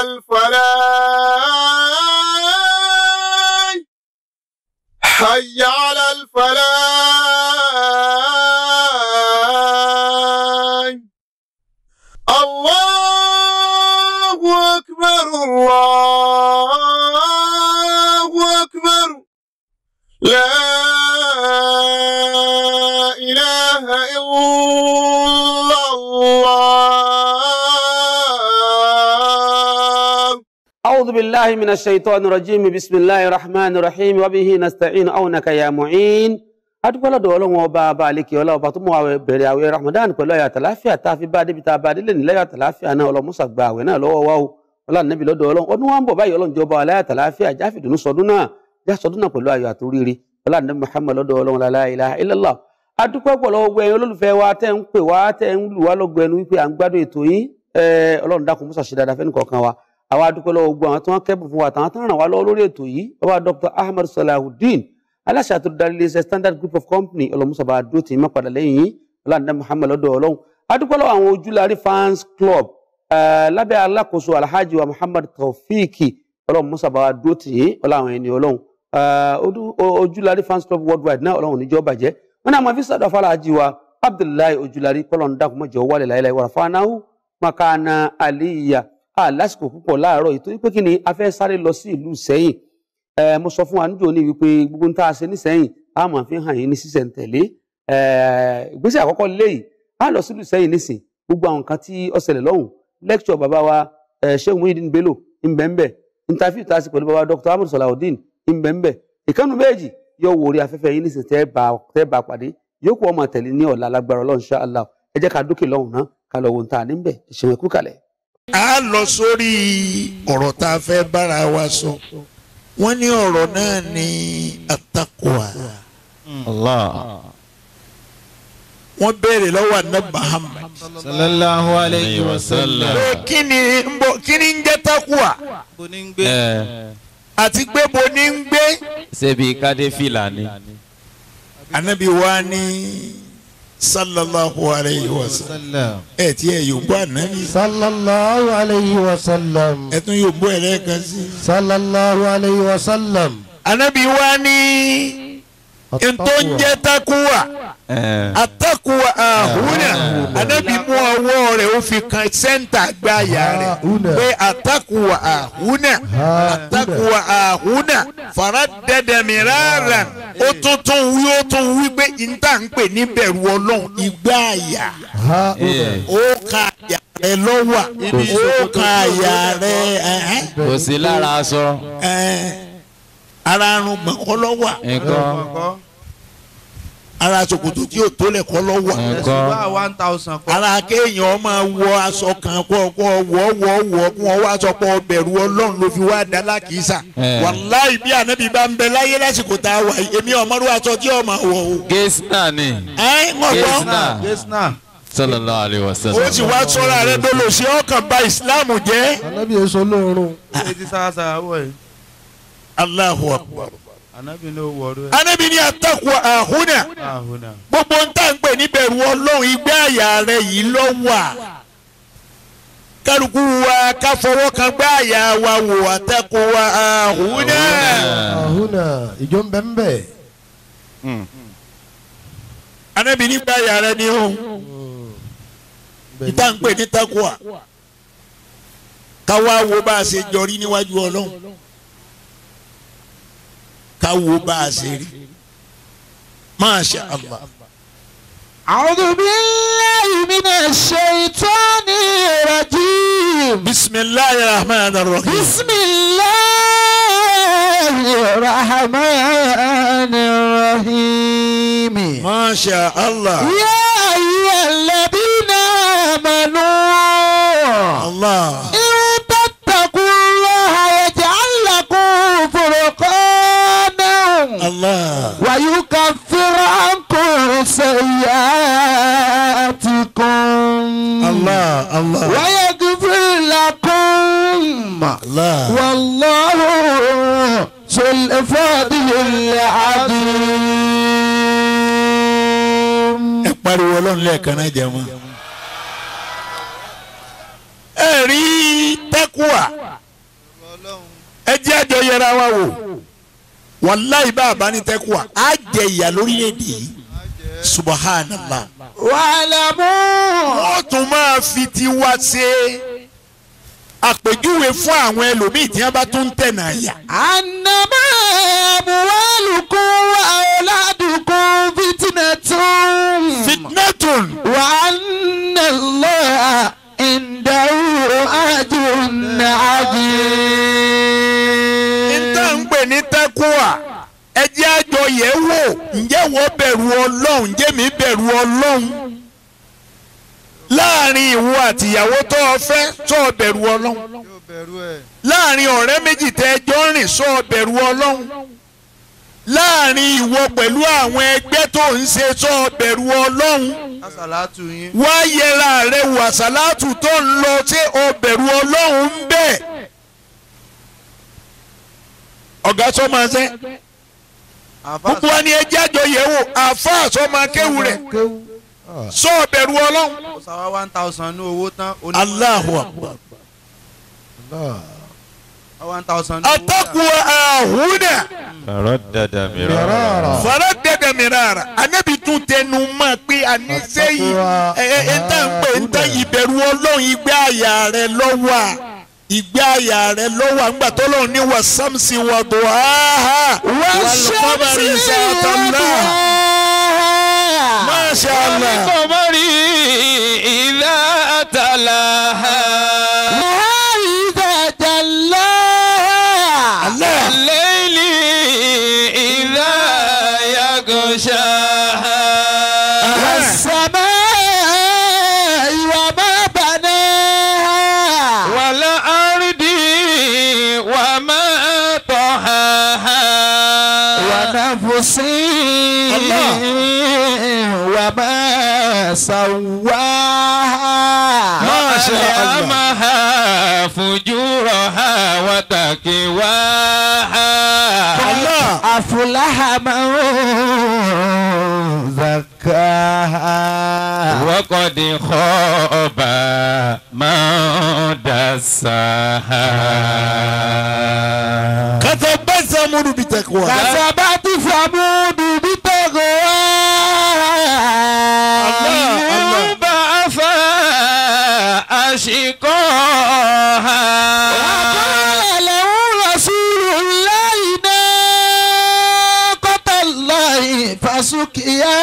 الفلاح حي على الفلاح الله أكبر الله أكبر لا إله إلا الله بالله من الشيطان الرجيم بسم الله الرحمن الرحيم وبه نستعين عونك يا معين adúpẹ́ lọ́dọ̀ ọlọ́run ọba ọba àlekè ọlá ọba tó mú wa bẹ̀rẹ̀ àwẹ̀ ramadan pẹ̀lú ayọ̀ àtàláfíà tá a fi bá débìtà bá délé ní lẹ́yọ̀ àtàláfíà náà ọlọ́mùsà gba àwẹ̀ náà lọ́wọ́ wa o ọlá nàbí lọ́dọ̀ ọlọ́run ọdún wa ń bọ̀ báyìí ọlọ́run jọba aláyọ̀ àtàláfíà jáfìdùnú sọdún náà já sọdún náà pẹ̀lú ayọ̀ àtòríire ọlá nàbí muhammad lọ́dọ̀ ọlọ́run la ilaha illallah adúpẹ́ pọ̀ lọ́wọ́ gbẹ̀yìn olólùfẹ́ wa tẹ́ ń pè wá tẹ́ ń lù wá lọ́gọ ẹnu wípé à ń gbádùn ètò yín ọlọ́run dákun mọ́sàsì dáadáa fẹ́ni kọ̀ọ̀kan wa àwa dúpẹ́ lọ́wọ́ gbogbo àwọn tí wọ́n kẹ́bùn fún wa àtàwọn tó ràn wá lọ́wọ́ lórí ètò yìí ọba Dr. Ahmed Salahuddin aláṣẹ àti olùdarí iléeṣẹ́ Standard Group of Company ọlọmọsọba adótì má padà lẹ́yìn yìí ọlànà Muhammad lọ́dọ̀ Ọlọ́run a dúpẹ́ lọ́wọ́ àwọn ojúlárí fans club lábẹ́ alákòóso alhaji wa Muhammad Taofiki ọlọmọsọba adótì yìí ọlọ́run ẹni Ọlọ́run ojúlárí fans club worldwide náà Ọlọ́run níjọ bàjẹ́ wọn náà máa fi sọdọ fàlàjì wa Abdullahi ojúlárí kọlọn dàkúmọjọ wálé láyé láyé wàrà fanahu makana aliya a ah, lásìkò púpọ̀ láàárọ̀ yìí pé kí ni a fẹ́ sáré lọ sí ìlú sẹ́yìn ẹ eh, mo sọ fún wa níjọ́ ní wípé gbogbo tá a ṣe sẹ́yìn a máa fi hàn yín ní sísẹ̀ǹtẹ̀lé eh, ìgbésẹ̀ àkọ́kọ́ léyìí a lọ sí ìlú sẹ́yìn nísìn gbogbo àwọn nǹkan tí ó ṣẹlẹ̀ lọ́hùn bàbá wa eh, Bello tá a ṣe pẹ̀lú bàbá Dr. ìkànnù méjì yóò wò orí afẹ́fẹ́ yín nísìn tẹ́ bá pàdé ọmọ tẹ̀lé ní ọ̀la lágbára Ọlọ́run a lọ sórí ọ̀rọ̀ tá a fẹ́ bára wa sọ wọ́n ní ọ̀rọ̀ náà ní atakwa Allah wọ́n béèrè lọ́wọ́ anabi Muhammad sallallahu alayhi wa sallam pé kí ni mbọ kí ni ń jẹ́ takwa eh. àti pé bo ni ń gbé. ṣebí kádé fìlà ni. anabi ni sallallahu alayhi wa sallam ẹ ti ẹ yóò gbọ́ ànábi. sallallahu alayhi wa sallam. ẹ tún yóò gbọ́ ẹ̀rẹ́ kan sí. sallallahu alayhi wa sallam. ànábi wa ni ntọ́njẹ́ takuwa atakuwa eh. ahuna eh. ànábi ọwọ́ rẹ̀ ó fi kan sẹ́ńtà gba àyà ah, rẹ̀ pé àtàkùwà àhúnà àtàkùwà ah, àhúnà fara dẹ́dẹ̀ mi rárá ah, ó eh. tún tún wí ó tún wí pé ìta ń pè ní bẹ̀rù ọlọ́run ìgbà àyà eh. ó ka àyà rẹ lọ́wà ó ka àyà rẹ. kò sí lára aṣọ. Eh, ara arùngbọ̀n kọ́ lọ́wà. nǹkan ara ṣòkòtò tí yóò tó lẹ̀kọ́ lọ wà. ara kéèyàn máa wọ aṣọ kan kọ́ kọ́ wọ́ wọ́ wọ́ kí wọ́n wá aṣọ pọ̀ bẹ̀rù ọlọ́run ló fi wá dá lákìísà. wàláì bí ànábì bá ń bẹ láyé lásìkò tá a wà yìí èmi ọmọdé aṣọ tí yóò máa o. gẹ́sínà ni gẹ́sínà sallallahu alayhi wa sallam. o ti wá sọ́ra rẹ dolo ṣé ọkàn ba islam jẹ́. alábìyẹsọ lóorùn. Allahu akbar anabi ni atakwa ahuna gbogbo ń tà ń pè níbẹ̀rù ọlọ́run igbá àyà rẹ̀ yìí ló wà kálukú wa ká fọwọ́ kan gbá àyà wa wò àtakwa ahuna. ahuna ìjọ ń bẹ ń bẹ. anabi hmm. ní gbá àyà rẹ̀ ni o ìtà ń pè ní takwa káwa wo bá a ṣe jọrí níwájú ọlọ́run ká wo bá a ṣe rí Masha Allah. A'udhu billahi minash shaitani rajim. Bismillahir rahmanir rahim. Bismillahir rahmanir rahim. Masha Allah. Ya ayyuhalladhina amanu. Allah. ويكفر عنكم سيئاتكم الله الله ويغفر لكم الله والله ذو الفضل العظيم ẹ pariwo ọlọ́run lẹ́ẹ̀kan náà jẹ́ mọ́ ẹ rí tẹ́kùwà ẹ jẹ́ àjọ yẹra wa wò wàláyé bá a bá ní tẹ́kùwà á jẹ ìyà lórílẹ̀‐èdè yìí subahánàlá. wàlámù. wọ́n tún máa fi tiwa ṣe àpèjúwe fún àwọn ẹlòmíì tí wọ́n bá tún ń tẹ̀nà àyà. ànàmọ́ àbúwálùkún wà ọ̀làdùkún fitnatun. fitnatun. taqwa ẹ jẹ́ àjọ yẹ̀ wò ǹjẹ́ wọ́n bẹ̀rù ọlọ́run ǹjẹ́ mi bẹ̀rù ọlọ́run láàrin ìwọ àtìyàwó tó o fẹ́ tó bẹ̀rù ọlọ́run láàrin ọ̀rẹ́ méjì tẹ́ ẹ rìn tó bẹ̀rù ọlọ́run láàrin ìwọ pẹ̀lú àwọn ẹgbẹ́ tó ń ṣe tó bẹ̀rù ọlọ́run wá yẹra rẹ wò tó ń lọ ṣé o ọlọ́run bẹ́ẹ̀ ọ̀gá sọ máa ṣe gbogbo wa ẹ jájọ yẹ̀ wò àáfàá sọ máa kéwu rẹ̀ sọ ọ̀bẹ̀rù ọlọ́run. ọ̀sàwá one thousand ní owó tán. Allahu akbar. Atakuwa ahuna. Faradada mirara. Faradada mirara. Anabi tún tẹnu mọ́ pé àníṣe yìí ẹ̀ ẹ̀ ń pé ń tàn ìbẹ̀rù ìgbé àyà rẹ̀ lọ́wọ́ ìgbé àyà rẹ lọ́wọ́ àgbà tó lóun ní wà sámsì Wa tó áhà wà lọ́kọ́bárì sàtàlá máṣá Allah. wọ́n ní kò mọ́rí ìlà Allah. wà á máa ṣàwá. máa ṣe ha fujúrọ̀ ha Allah. àfúláhà máa ń zàkà. wọ́kọ̀ dín kọ́ọ̀bà máa ń dàsà. kàtà bá sàmúlù bí tẹ̀kọ̀. kàtà bá شقاها وقال له رسول الله ناقة الله فسقيا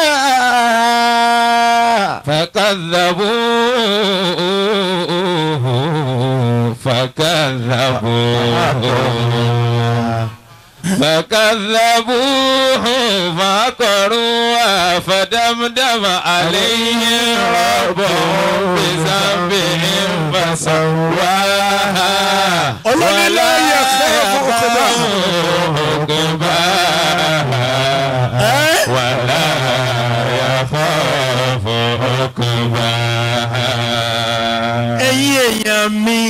فكذبوه فكذبوه فكذبوه فعقروا فدمدم عليهم ربهم بذنبهم فسواها ولا يخاف عقباها ولا يخاف عقباها ẹ̀yin èèyàn mi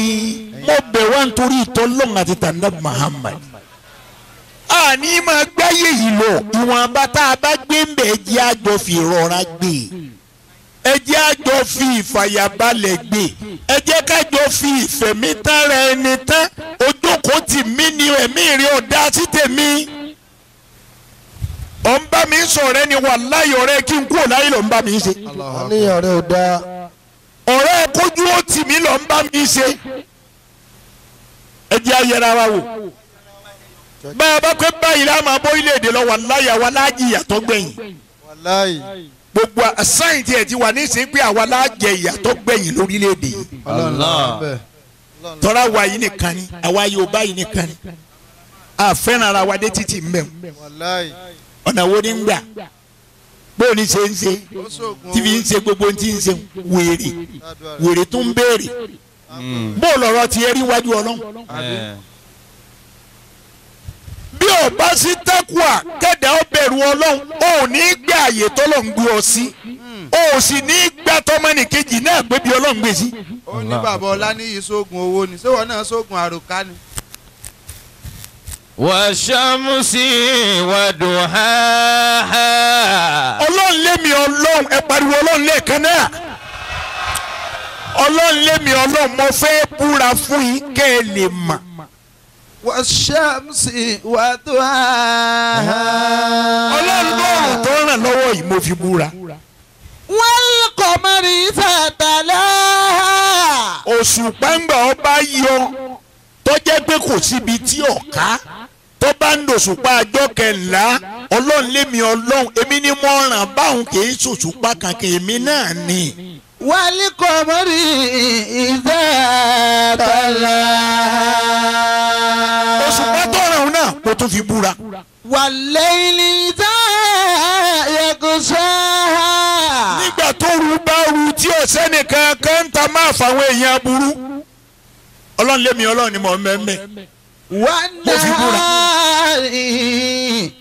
mo bẹ̀ wá nítorí ìtọ́lọ́run àti tàǹdà ní máa gbáyé yìí lọ ìwọ̀nba tá a bá gbé ń bẹ̀ ẹjẹ́ àjọ fi rọra gbé ẹjẹ́ àjọ fi ìfàyàbalẹ̀ gbé ẹjẹ́ kájọ fi ìfẹ̀mítánra ẹni tán ojókòó tì mí ni ẹ̀mí rí ọ̀dá sí tèmi ọ̀ ń bá mi sọ̀rọ̀ ẹni wà láyé ọ̀rẹ́ kí n kú ọ̀láyé lọ́ ń ṣe. ọ̀rẹ́ kójú ó tì mí lọ́ ń ṣe ẹjẹ́ ayẹra wa wò bá a bá pẹ́ báyìí láàmú abọ́ ilé èdè lọ wàláyà wa láàjìyà tó gbẹ̀yìn gbogbo sáyìn tí ẹ ti wà nísìnyí pé àwa láàjẹ ìyà tó gbẹ̀yìn lórílẹ̀‐èdè yìí tọ́ra wa yìí nìkan ni àwa Yorùbá yìí nìkan ni àfẹ́ràn ara wa dé títì mbẹ́wò ọ̀nà wo ni ń gbà bó ní ṣe ń ṣe tí fi ń ṣe gbogbo tí ń ṣe wèrè wèrè tún ń béèrè bó lọ́rọ̀ ti ẹ rí wájú Ọlọ́run ò bá sí tẹ́kùà kẹ́dà ó bẹ̀rù ọlọ́run ó ní gbé àyè tọ́lọ́run gbé ọ sí ó sì ní gbé tọ́mọ́nìkejì náà gbé bí ọlọ́run gbé sí. ó ní bàbá ọlá ní owó ni ṣé wọn náà ṣògùn àròká ni. wàṣàmùsì wàdùnháhá. ọlọ́run lémi ọlọ́run ẹ pariwo ọlọ́run lẹ́ẹ̀kan náà ọlọ́run lémi ọlọ́run mo fẹ́ búra fún yín kẹ́ ẹ lè mà. والشمس وضحاها ọlọ́run bọ́ọ̀rù tó ràn lọ́wọ́ yìí mo fi búra. wal qamari idha talaha. òṣùpá ńgbà ọba yọ tó jẹ́ pé kò síbi tí ọ̀ka tó bá ń dòṣùpá ọjọ́ kẹlá ọlọ́run lémi ọlọ́run èmi ni mo ràn báwọn kì í ṣòṣùpá kankan èmi náà ni. wálé kọ́mọ́rì ìdá àtàlà tún fi búra. wàlẹ́yìn tá yẹ̀kọ́ sọ́ọ́. nígbà tó rú bá rú tí ọ̀sẹ́ nìkan kan ń ta máa fàwọn èèyàn aburú ọlọ́run lémi ọlọ́run ni mò ń mẹ́mẹ́ mo fi búra. wàlẹ́yìn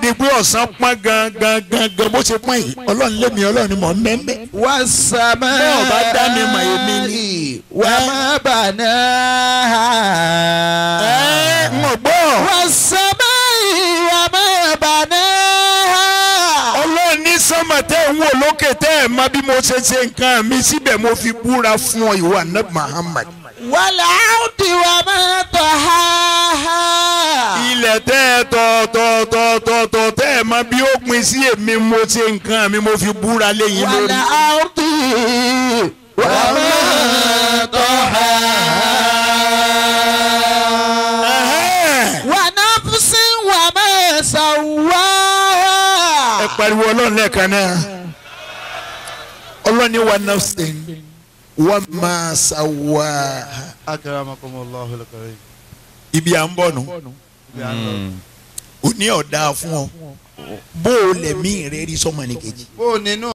di pé ọ̀sán pọ́n gan gan gan gan bó ṣe pọ́n yìí ọlọ́run lémi ọlọ́run ni mò ń mẹ́mẹ́. wà á sàmà bẹ́ẹ̀ ọba dá mi mọ̀ èmi ni. wà á má bàná. ẹ ẹ mo gbọ́. wà á sàmà ìwà má bàná. ọlọ́run ní sọ́mà tẹ́ ń wò lókè tẹ́ ẹ̀ mọ bí mo ṣe ṣe nǹkan mi síbẹ̀ mo fi búra fún ọ ìwà náà Muhammad. wàlá àwùjọ wa máa tọ̀ ha ha ilẹ̀ tẹ́ ẹ tẹ́ ẹ mọ bí ó pin sí èmi mo ṣe nǹkan mi mo fi búra lẹ́yìn lórí. wàlá áùtì wàlá tọ́ha. wàná sí wàmẹ ṣàwá. ẹ pariwo ọlọ́run lẹ́ẹ̀kan náà ọlọ́run ni wàá náà sìn wọ́n máa ṣàwá. akramakumullahu alkarim. ibi à ń bọ̀ nù òní hmm. ọ̀dà fún ọ bó o lè mí ìrẹ́rí sọmọ nìkejì. bó o nínú.